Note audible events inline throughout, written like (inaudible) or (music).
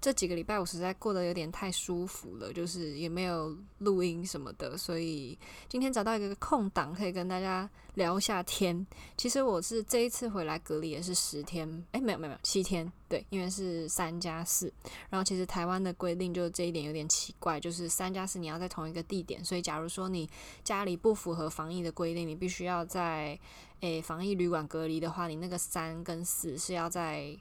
這幾個禮拜我實在過得有點太舒服了，就是也沒有錄音什麼的，所以今天找到一個空檔可以跟大家聊一下天。其實我是這一次回來隔離也是十天，誒，沒有沒有沒有，七天，對，因為是三加四。然後其實台灣的規定就這一點有點奇怪，就是三加四你要在同一個地點，所以假如說你家裡不符合防疫的規定，你必須要在，誒，防疫旅館隔離的話，你那個三跟四是要在。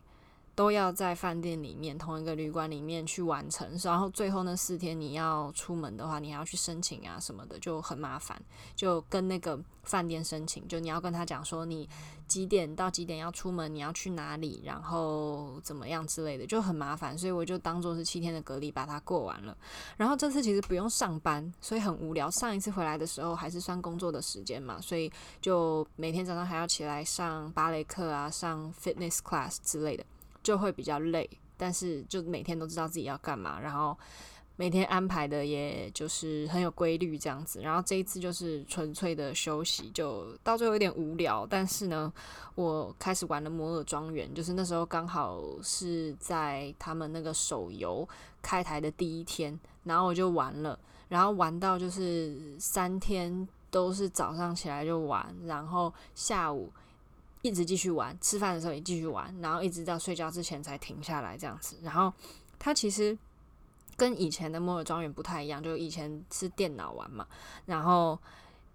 都要在飯店裡面同一個旅館裡面去完成，然後最後那四天你要出門的話，你還要去申請啊什麼的，就很麻煩。就跟那個飯店申請，就你要跟他講說你幾點到幾點要出門，你要去哪裡，然後怎麼樣之類的，就很麻煩。所以我就當做是七天的隔離把它過完了。然後這次其實不用上班，所以很無聊。上一次回來的時候還是算工作的時間嘛，所以就每天早上還要起來上芭蕾課啊，上 fitness class 之類的。就會比較累，但是就每天都知道自己要幹嘛，然後每天安排的也就是很有規律這樣子。然後這一次就是純粹的休息，就到最後有點無聊。但是呢，我開始玩了《摩爾莊園》，就是那時候剛好是在他們那個手遊開台的第一天，然後我就玩了，然後玩到就是三天都是早上起來就玩，然後下午。一直繼續玩，吃飯的時候也繼續玩，然後一直到睡覺之前才停下來這樣子。然後它其實跟以前的《摩爾莊園》不太一樣，就以前是電腦玩嘛。然後，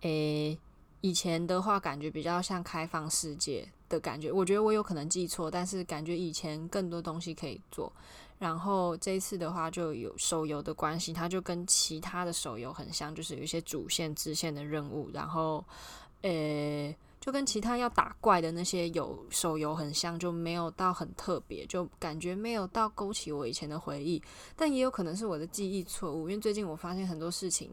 誒、欸，以前的話感覺比較像開放世界的感覺。我覺得我有可能記錯，但是感覺以前更多東西可以做。然後這一次的話，就有手遊的關係，它就跟其他的手遊很像，就是有一些主線、支線的任務。然後，誒、欸。就跟其他要打怪的那些有手遊很像，就沒有到很特別，就感覺沒有到勾起我以前的回憶。但也有可能是我的記憶錯誤，因為最近我發現很多事情，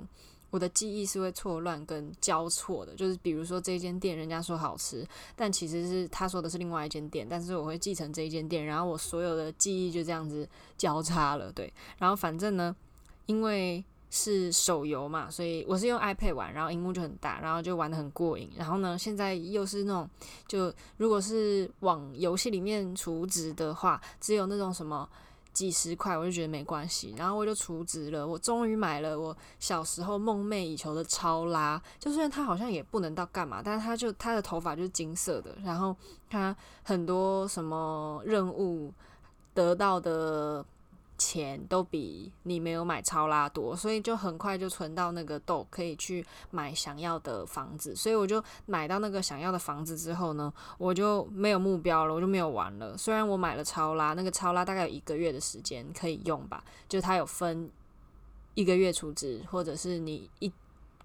我的記憶是會錯亂跟交錯的。就是比如說這間店人家說好吃，但其實是他說的是另外一間店，但是我會繼承這一間店，然後我所有的記憶就這樣子交叉了。對，然後反正呢，因為。是手遊嘛，所以我是用 iPad 玩，然後熒幕就很大，然後就玩得很過癮。然後呢，現在又是那種，就如果是往遊戲裡面儲值的話，只有那種什麼幾十塊，我就覺得沒關係，然後我就儲值了。我終於買了我小時候夢寐以求的超拉，就雖然它好像也不能到幹嘛，但是它就它的頭髮就是金色的，然後它很多什麼任務得到的錢都比你沒有買超拉多，所以就很快就存到那個豆，可以去買想要的房子。所以我就買到那個想要的房子之後呢，我就沒有目標了，我就沒有玩了。雖然我買了超拉，那個超拉大概有一個月的時間可以用吧，就它有分一個月儲值，或者是你一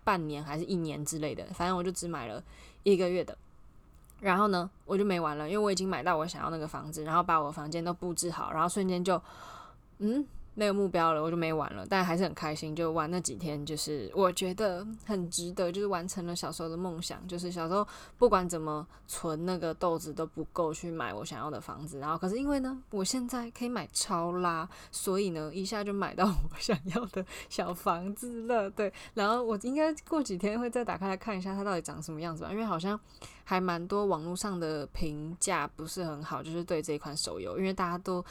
半年還是一年之類的。反正我就只買了一個月的，然後呢，我就沒玩了，因為我已經買到我想要那個房子，然後把我房間都布置好，然後瞬間就。嗯，沒有目標了，我就沒玩了。但還是很開心，就玩了幾天，就是我覺得很值得，就是完成了小時候的夢想。就是小時候不管怎麼存那個豆子都不夠去買我想要的房子，然後可是因為呢，我現在可以買超拉，所以呢一下就買到我想要的小房子了。對，然後我應該過幾天會再打開來看一下它到底長什麼樣子吧，因為好像還蠻多網絡上的評價不是很好，就是對這一款手遊，因為大家都。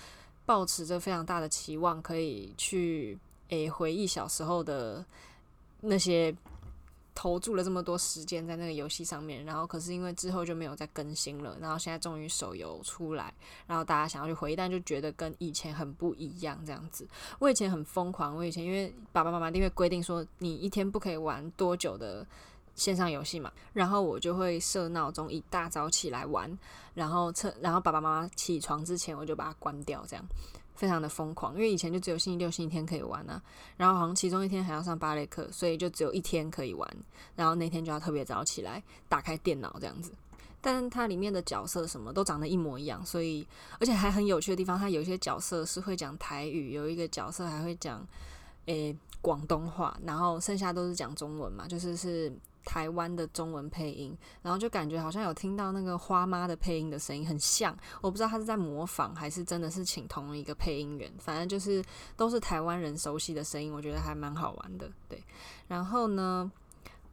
抱持着非常大的期望，可以去誒回憶小時候的那些，投注了這麼多時間在那個遊戲上面，然後可是因為之後就沒有再更新了，然後現在終於手遊出來，然後大家想要去回憶，但就覺得跟以前很不一樣這樣子。我以前很瘋狂，我以前因為爸爸媽媽因為規定說你一天不可以玩多久的。線上遊戲嘛，然後我就會設鬧鐘，一大早起來玩，然後趁然後爸爸媽媽起床之前，我就把它關掉，這樣非常的瘋狂。因為以前就只有星期六、星期天可以玩呢啊，然後好像其中一天還要上芭蕾課，所以就只有一天可以玩，然後那天就要特別早起來打開電腦這樣子。但是它裡面的角色什麼都長得一模一樣，所以而且還很有趣的地方，它有一些角色是會講台語，有一個角色還會講誒廣東話，然後剩下都是講中文嘛，就是是。台灣的中文配音，然後就感覺好像有聽到那個花媽的配音的聲音，很像。我不知道他是在模仿還是真的是請同一個配音員，反正就是都是台灣人熟悉的聲音，我覺得還蠻好玩的。對，然後呢，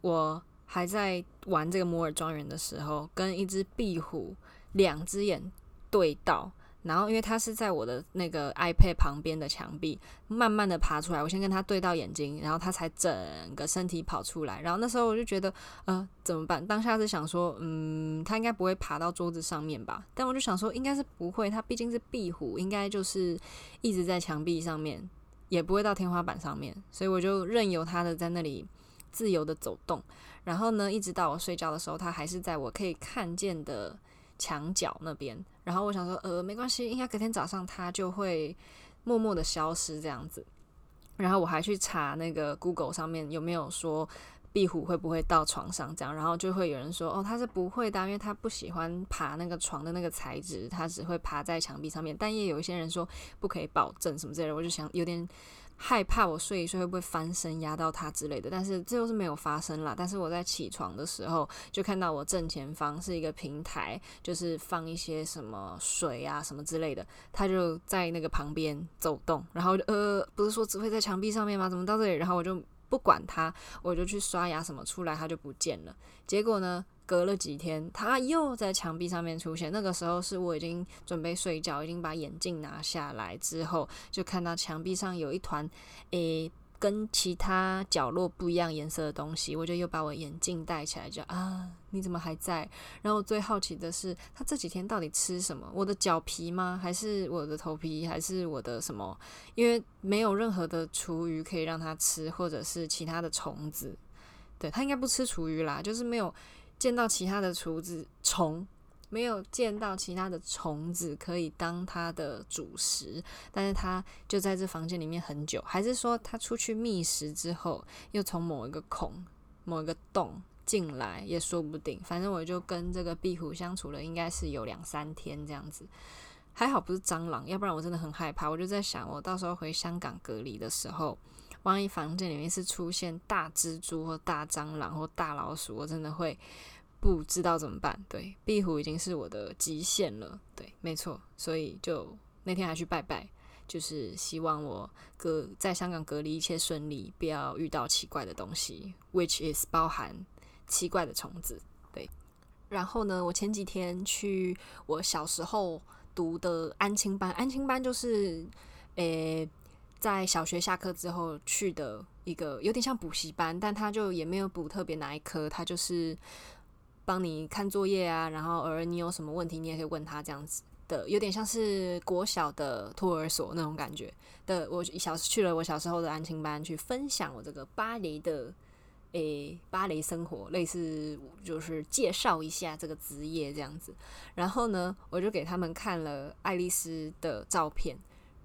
我還在玩這個摩爾莊園的時候，跟一隻壁虎兩隻眼對到。然後，因為它是在我的那個 iPad 旁邊的牆壁，慢慢的爬出來。我先跟它對到眼睛，然後它才整個身體跑出來。然後那時候我就覺得，呃，怎麼辦？當下是想說，嗯，它應該不會爬到桌子上面吧？但我就想說，應該是不會。它畢竟是壁虎，應該就是一直在牆壁上面，也不會到天花板上面。所以我就任由它的在那裡自由的走動。然後呢，一直到我睡覺的時候，它還是在我可以看見的牆角那邊。然後我想說，呃，沒關係，應該隔天早上它就會默默的消失這樣子。然後我還去查那個 Google 上面有沒有說壁虎會不會到床上這樣，然後就會有人說，哦，它是不會的啊，因為它不喜歡爬那個床的那個材質，它只會爬在牆壁上面。但也有一些人說不可以保證什麼之類的，我就想有點。害怕我睡一睡會不會翻身壓到它之類的，但是這又是沒有發生了。但是我在起床的時候就看到我正前方是一個平台，就是放一些什麼水啊什麼之類的，它就在那個旁邊走動。然後呃，不是說只會在牆壁上面嗎？怎麼到這裡？然後我就。不管它，我就去刷牙，什麼出來它就不見了。結果呢，隔了幾天，它又在牆壁上面出現。那個時候是我已經準備睡覺，已經把眼鏡拿下來之後，就看到牆壁上有一團，誒、欸。跟其他角落不一樣顏色的東西，我就又把我眼鏡戴起來就，就啊你怎麼還在？然後我最好奇的是，他這幾天到底吃什麼？我的腳皮嗎？還是我的頭皮？還是我的什麼？因為沒有任何的廚餘可以讓它吃，或者是其他的蟲子。對，它應該不吃廚餘啦，就是沒有見到其他的廚子蟲。沒有見到其他的蟲子可以當它的主食，但是它就在這房間裡面很久，還是說它出去覓食之後，又從某一個孔、某一個洞進來也說不定。反正我就跟這個壁虎相處了，應該是有兩三天這樣子，還好不是蟑螂，要不然我真的很害怕。我就在想，我到時候回香港隔離的時候，萬一房間裡面是出現大蜘蛛或大蟑螂或大老鼠，我真的會。不知道怎麼辦，對，壁虎已經是我的極限了，對，沒錯，所以就那天還去拜拜，就是希望我隔，在香港隔離一切順利，不要遇到奇怪的東西，which is 包含奇怪的蟲子，對。然後呢，我前幾天去我小時候讀的安親班，安親班就是，誒、欸，在小學下課之後去的一個有點像補習班，但他就也沒有補特別哪一科，他就是。幫你看作業啊，然後偶爾你有什麼問題，你也可以問他這樣子的，有點像是國小的托兒所那種感覺的。我一小時去了我小時候的安親班，去分享我這個芭蕾的，誒、欸，芭蕾生活，類似就是介紹一下這個職業這樣子。然後呢，我就給他們看了愛麗絲的照片。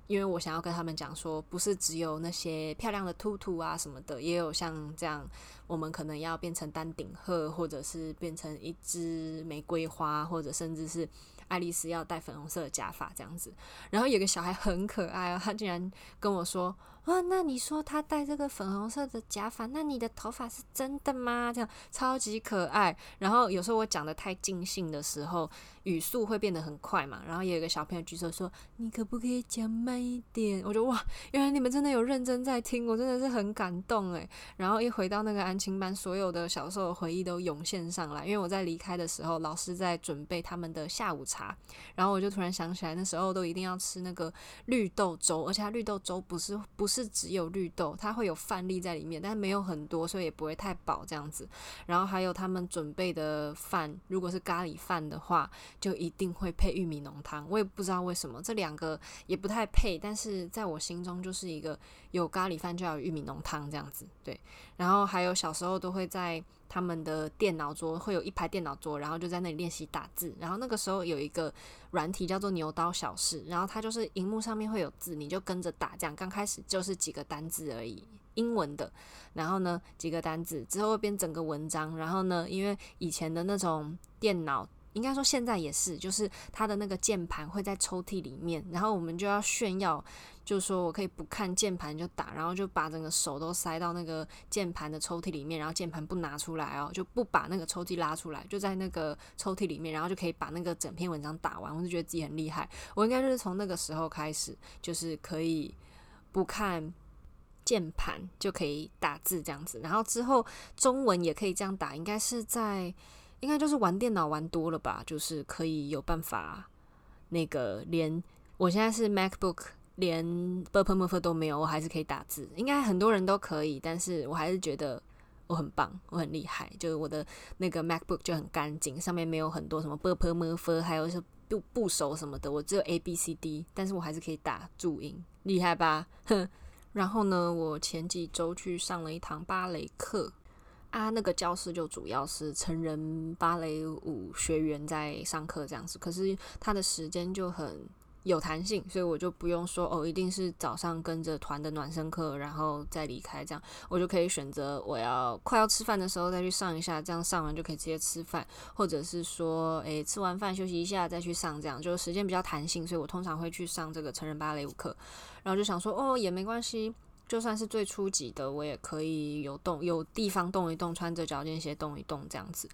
因為我想要跟他們講說，不是只有那些漂亮的兔兔啊什麼的，也有像這樣，我們可能要變成丹頂鶴，或者是變成一枝玫瑰花，或者甚至是愛麗絲要戴粉紅色的假髮這樣子。然後有個小孩很可愛啊，他竟然跟我說。哇，那你說他戴這個粉紅色的假髮，那你的頭髮是真的嗎？這樣超級可愛。然後有時候我講的太盡興的時候，語速會變得很快嘛。然後也有一個小朋友舉手說：“你可不可以講慢一點？”我就哇，原來你們真的有認真在聽，我真的是很感動誒。然後一回到那個安親班，所有的小時候的回憶都湧現上來。因為我在離開的時候，老師在準備他們的下午茶，然後我就突然想起來，那時候都一定要吃那個綠豆粥，而且它綠豆粥不是不是。是只有綠豆，它會有飯粒在裡面，但是沒有很多，所以也不會太飽這樣子。然後還有他們準備的飯，如果是咖喱飯的話，就一定會配玉米濃湯。我也不知道為什麼這兩個也不太配，但是在我心中就是一個有咖喱飯就要有玉米濃湯這樣子。對，然後還有小時候都會在。他們的電腦桌會有一排電腦桌，然後就在那裡練習打字。然後那個時候有一個軟體叫做牛刀小試，然後它就是熒幕上面會有字，你就跟着打。這樣剛開始就是幾個單字而已，英文的。然後呢，幾個單字之後會變整個文章。然後呢，因為以前的那種電腦，應該說現在也是，就是它的那個鍵盤會在抽屜裡面，然後我們就要炫耀。就是說我可以不看鍵盤就打，然後就把整個手都塞到那個鍵盤的抽屜裡面，然後鍵盤不拿出來哦，就不把那個抽屜拉出來，就在那個抽屜裡面，然後就可以把那個整篇文章打完。我就覺得自己很厲害，我應該就是從那個時候開始，就是可以不看鍵盤就可以打字這樣子。然後之後中文也可以這樣打，應該是在應該就是玩電腦玩多了吧，就是可以有辦法那個連我現在是 MacBook。連 ㄅㄆㄇㄈ 都沒有，我還是可以打字。應該很多人都可以，但是我還是覺得我很棒，我很厲害。就是我的那個 MacBook 就很乾淨，上面沒有很多什麼 ㄅㄆㄇㄈ，還有一些部部首什麼的。我只有 A B C D，但是我還是可以打注音，厲害吧？哼，然後呢，我前幾周去上了一堂芭蕾課啊，那個教室就主要是成人芭蕾舞學員在上課這樣子，可是他的時間就很有彈性，所以我就不用說哦，一定是早上跟着團的暖身課，然後再離開，這樣我就可以選擇我要快要吃飯的時候再去上一下，這樣上完就可以直接吃飯，或者是說，哎，吃完飯休息一下再去上，這樣就時間比較彈性，所以我通常會去上這個成人芭蕾舞課，然後就想說，哦，也沒關係，就算是最初級的，我也可以有動有地方動一動，穿着腳尖鞋動一動這樣子。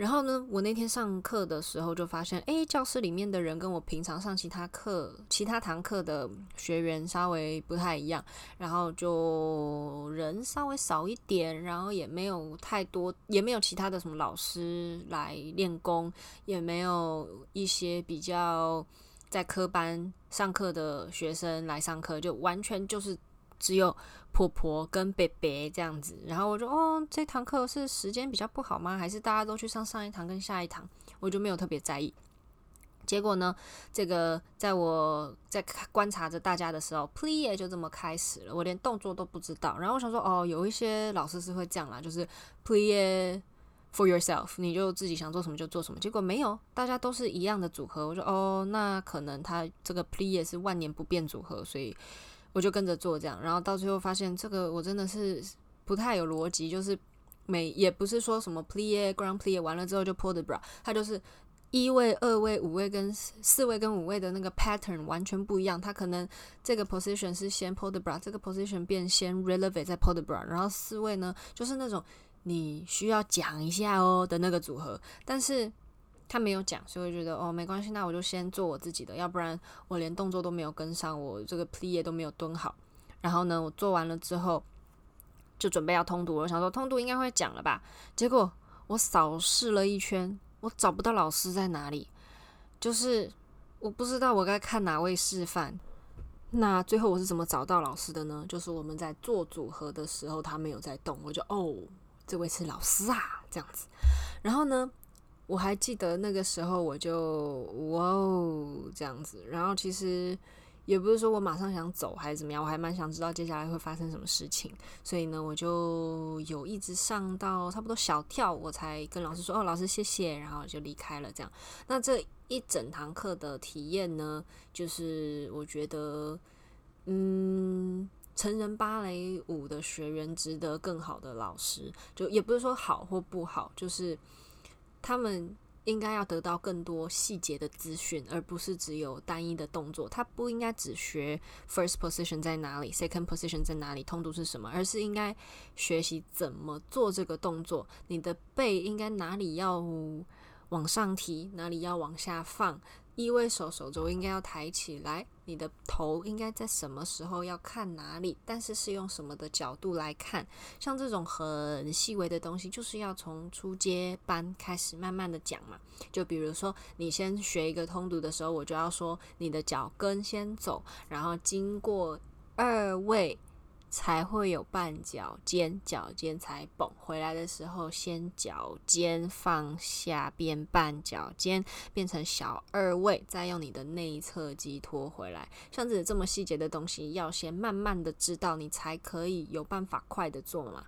然後呢，我那天上課的時候就發現，誒，教室裡面的人跟我平常上其他課、其他堂課的學員稍微不太一樣，然後就人稍微少一點，然後也沒有太多，也沒有其他的什麼老師來練功，也沒有一些比較在科班上課的學生來上課，就完全就是只有。婆婆跟伯伯這樣子，然後我就哦，這堂課是時間比較不好嗎？還是大家都去上上一堂跟下一堂？我就沒有特別在意。結果呢，這個在我在觀察着大家的時候，plié 就這麼開始了，我連動作都不知道。然後我想說，哦，有一些老師是會這樣啦，就是 plié for yourself，你就自己想做什麼就做什麼。結果沒有，大家都是一樣的組合。我說哦，那可能他這個 plié 是萬年不變組合，所以。我就跟着做這樣，然後到最後發現這個我真的是不太有邏輯，就是每也不是說什麼 plié, grand plié 完了之後就 port de bras，它就是一位、二位、五位跟四位跟五位的那個 pattern 完全不一樣，它可能這個 position 是先 port de bras，這個 position 變先 relevé 再 port de bras，然後四位呢就是那種你需要講一下哦的那個組合，但是。他沒有講，所以我覺得哦，沒關係，那我就先做我自己的，要不然我連動作都沒有跟上，我這個 plié 也都沒有蹲好。然後呢，我做完了之後就準備要通讀了，我想說通讀應該會講了吧。結果我掃視了一圈，我找不到老師在哪裡，就是我不知道我該看哪位示範。那最後我是怎麼找到老師的呢？就是我們在做組合的時候，他沒有在動，我就哦，這位是老師啊，這樣子。然後呢，我還記得那個時候，我就哇哦這樣子，然後其實也不是說我馬上想走還是怎麼樣，我還蠻想知道接下來會發生什麼事情，所以呢，我就有一直上到差不多小跳，我才跟老師說哦，老師謝謝，然後就離開了這樣。那這一整堂課的體驗呢，就是我覺得嗯，成人芭蕾舞的學員值得更好的老師，就也不是說好或不好，就是。他們應該要得到更多細節的資訊，而不是只有單一的動作。他不應該只學 first position 在哪裡，second position 在哪裡，通度是什麼，而是應該學習怎麼做這個動作。你的背應該哪裡要往上提，哪裡要往下放。第一位手，手肘應該要抬起來，你的頭應該在什麼時候要看哪裡？但是是用什麼的角度來看？像這種很細微的東西，就是要從初階班開始慢慢的講嘛。就比如說，你先學一個通讀的時候，我就要說你的腳跟先走，然後經過二位。才會有半腳尖，腳尖才蹦回來的時候，先腳尖放下邊，邊半腳尖變成小二位，再用你的內側肌拖回來。像這這麼細節的東西，要先慢慢的知道，你才可以有辦法快的做嘛。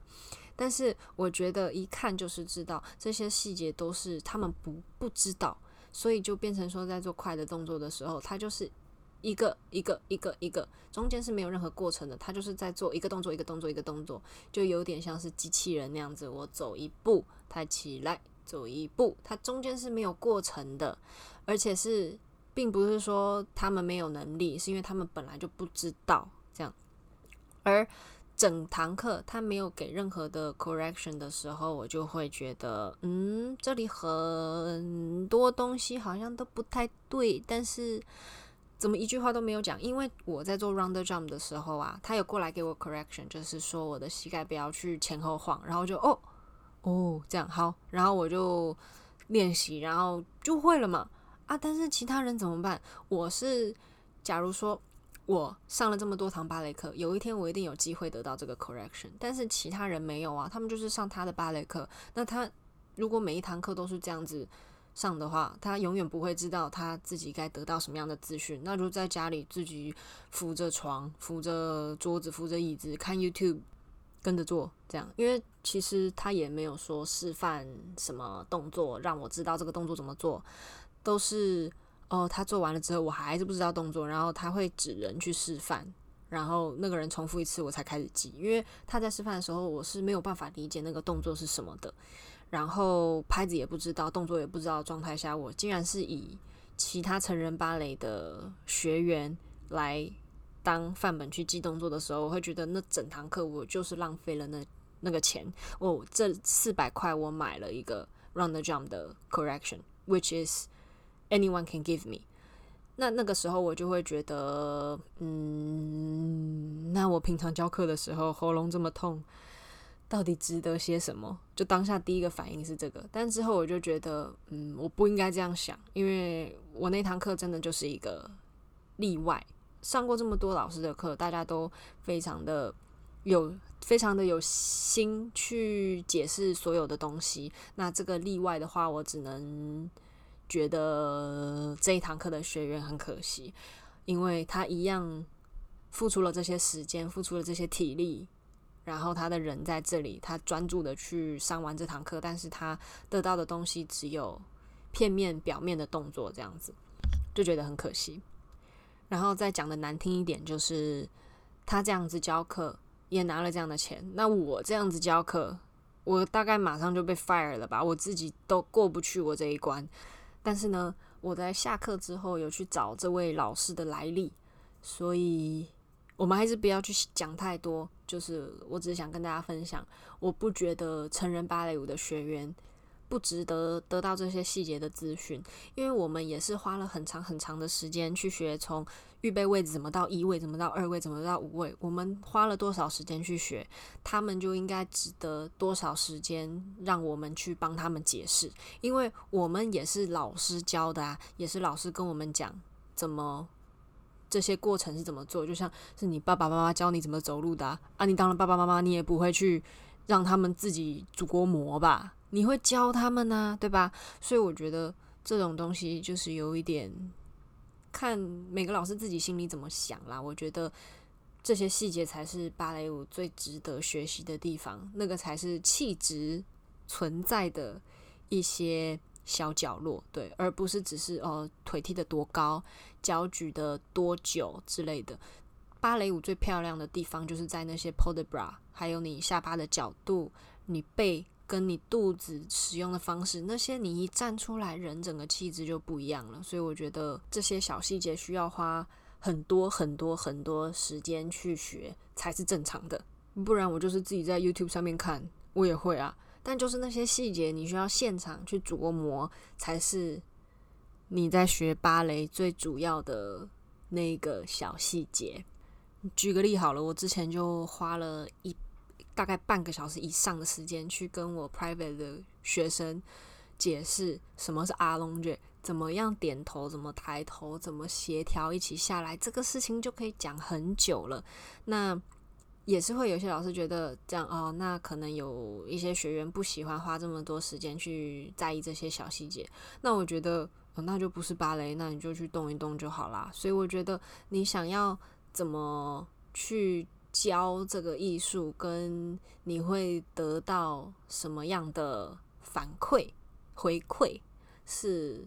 但是我覺得一看就是知道這些細節都是他們不不知道，所以就變成說在做快的動作的時候，他就是。一個一個一個一個，中間是沒有任何過程的，他就是在做一個動作一個動作一個動作，就有點像是機器人那樣子。我走一步，抬起來，走一步，它中間是沒有過程的，而且是並不是說他們沒有能力，是因為他們本來就不知道這樣。而整堂課他沒有給任何的 correction 的時候，我就會覺得，嗯，這裡很多東西好像都不太對，但是。怎麼一句話都沒有講？因為我在做 rond de jambe 的時候啊，他有過來給我 correction，就是說我的膝蓋不要去前後晃，然後就哦哦這樣好，然後我就練習，然後就會了嘛。啊，但是其他人怎麼辦？我是假如說我上了這麼多堂芭蕾課，有一天我一定有機會得到這個 correction，但是其他人沒有啊，他們就是上他的芭蕾課，那他如果每一堂課都是這樣子。上的話，他永遠不會知道他自己該得到什麼樣的資訊。那就在家裡自己扶着床、扶着桌子、扶着椅子看 YouTube，跟着做這樣。因為其實他也沒有說示範什麼動作，讓我知道這個動作怎麼做。都是哦、呃，他做完了之後，我還是不知道動作。然後他會指人去示範，然後那個人重複一次，我才開始記。因為他在示範的時候，我是沒有辦法理解那個動作是什麼的。然後拍子也不知道，動作也不知道，狀態下我竟然是以其他成人芭蕾的學員來當範本去記動作的時候，我會覺得那整堂課我就是浪費了那那個錢。哦，這四百塊我買了一個 run the jump 的 correction，which is anyone can give me。那那個時候我就會覺得，嗯，那我平常教課的時候喉嚨這麼痛，到底值得些什麼？就當下第一個反應是這個，但之後我就覺得，嗯，我不應該這樣想，因為我那堂課真的就是一個例外。上過這麼多老師的課，大家都非常的有，非常的有心去解釋所有的東西。那這個例外的話，我只能覺得這一堂課的學員很可惜，因為他一樣付出了這些時間，付出了這些體力。然後他的人在這裡，他專注的去上完這堂課，但是他得到的東西只有片面、表面的動作，這樣子就覺得很可惜。然後再講的難聽一點，就是他這樣子教課也拿了這樣的錢，那我這樣子教課，我大概馬上就被 fire 了吧？我自己都過不去我這一關。但是呢，我在下課之後有去找這位老師的來歷，所以我們還是不要去講太多。就是我只想跟大家分享，我不覺得成人芭蕾舞的學員不值得得到這些細節的資訊，因為我們也是花了很長很長的時間去學，從預備位置怎麼到一位，怎麼到二位，怎麼到五位，我們花了多少時間去學，他們就應該值得多少時間讓我們去幫他們解釋，因為我們也是老師教的啊，也是老師跟我們講怎麼。這些過程是怎麼做？就像是你爸爸媽媽教你怎麼走路的啊！啊你當了爸爸媽媽，你也不會去讓他們自己煮鍋饃吧？你會教他們呢、啊，對吧？所以我覺得這種東西就是有一點看每個老師自己心裡怎麼想啦。我覺得這些細節才是芭蕾舞最值得學習的地方，那個才是氣質存在的一些小角落，對，而不是只是哦，腿踢得多高，腳舉得多久之類的。芭蕾舞最漂亮的地方就是在那些 port de bras，還有你下巴的角度，你背跟你肚子使用的方式，那些你一站出來，人整個氣質就不一樣了。所以我覺得這些小細節需要花很多很多很多時間去學才是正常的，不然我就是自己在 YouTube 上面看，我也會啊。但，就是那些細節，你需要現場去琢磨，才是你在學芭蕾最主要的那個小細節。舉個例好了，我之前就花了一大概半個小時以上的時間，去跟我 private 的學生解釋什麼是阿龍卷，怎麼樣點頭，怎麼抬頭，怎麼協調一起下來，這個事情就可以講很久了。那也是會有些老師覺得這樣哦，那可能有一些學員不喜歡花這麼多時間去在意這些小細節。那我覺得，哦，那就不是芭蕾，那你就去動一動就好啦，所以我覺得你想要怎麼去教這個藝術，跟你會得到什麼樣的反饋回饋是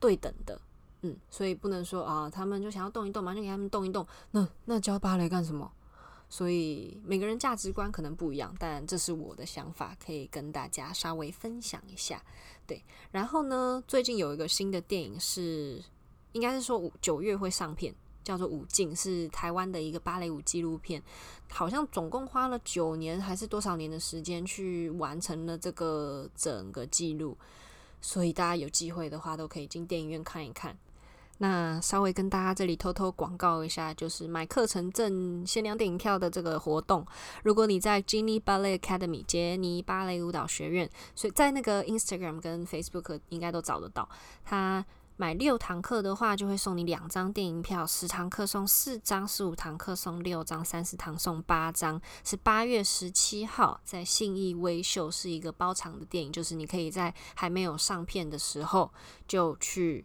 對等的。嗯，所以不能說啊，哦，他們就想要動一動嘛，就給他們動一動。那那教芭蕾幹什麼？所以每個人價值觀可能不一樣，但這是我的想法，可以跟大家稍微分享一下。對，然後呢，最近有一個新的電影是，應該是說五，九月會上片，叫做《舞徑》，是台灣的一個芭蕾舞紀錄片，好像總共花了九年還是多少年的時間去完成了這個整個紀錄，所以大家有機會的話都可以進電影院看一看。那稍微跟大家這裡偷偷廣告一下，就是買課程贈限量電影票的這個活動。如果你在杰尼芭蕾 Academy 杰尼芭蕾舞蹈學院，所以在那個 Instagram 跟 Facebook 應該都找得到。他買六堂課的話，就會送你兩張電影票；十堂課送四張，十五堂課送六張，三十堂送八張。是八月十七號在信義威秀是一個包場的電影，就是你可以在還沒有上片的時候就去。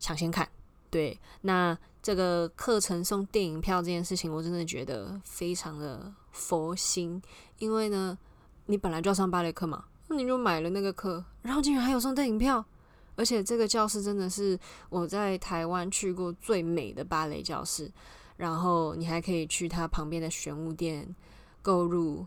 搶先看，對，那這個課程送電影票這件事情，我真的覺得非常的佛心，因為呢，你本來就要上芭蕾課嘛，那你就買了那個課，然後竟然還有送電影票，而且這個教室真的是我在台灣去過最美的芭蕾教室，然後你還可以去它旁邊的玄武店購入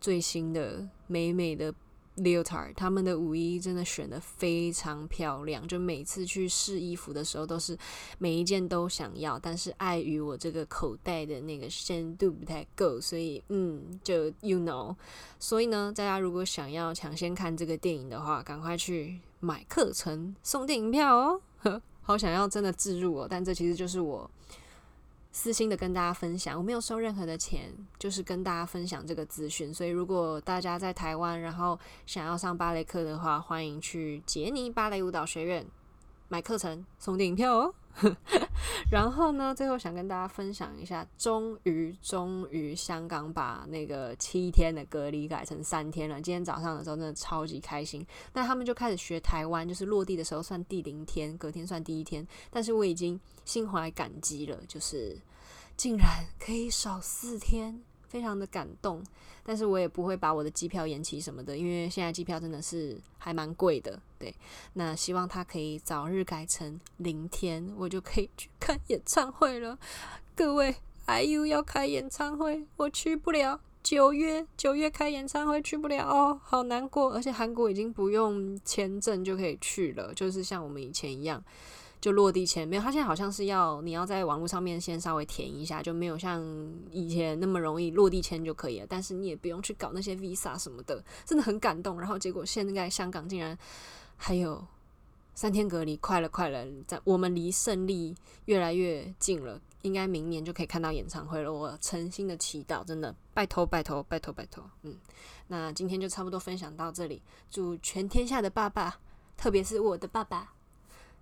最新的美美的。Leotard，他們的舞衣真的選的非常漂亮，就每次去試衣服的時候，都是每一件都想要，但是礙於我這個口袋的那個深度不太夠，所以嗯，就 you know，所以呢，大家如果想要搶先看這個電影的話，趕快去買課程送電影票哦！呵，好想要真的置入哦，但這其實就是我。私心的跟大家分享，我沒有收任何的錢，就是跟大家分享這個資訊。所以如果大家在台灣，然後想要上芭蕾課的話，歡迎去傑尼芭蕾舞蹈學院買課程送電影票哦。 (laughs) 然後呢，最後想跟大家分享一下，終於，終於，香港把那個七天的隔離改成三天了。今天早上的時候，真的超級開心。那他們就開始學台灣，就是落地的時候算第零天，隔天算第一天。但是我已經心懷感激了，就是竟然可以少四天。非常的感動，但是我也不會把我的機票延期什麼的，因為現在機票真的是還蠻貴的。對，那希望他可以早日改成零天，我就可以去看演唱會了。各位，IU 要開演唱會，我去不了。九月，九月開演唱會去不了哦，好難過。而且韓國已經不用簽證就可以去了，就是像我們以前一樣。就落地簽沒有，他現在好像是要你要在網絡上面先稍微填一下，就沒有像以前那麼容易落地簽就可以了。但是你也不用去搞那些 Visa 什麼的，真的很感動。然後結果現在香港竟然還有三天隔離，快了快了，在我們離勝利越來越近了，應該明年就可以看到演唱會了。我誠心的祈禱，真的拜托拜托拜托拜托，嗯，那今天就差不多分享到這裡，祝全天下的爸爸，特別是我的爸爸，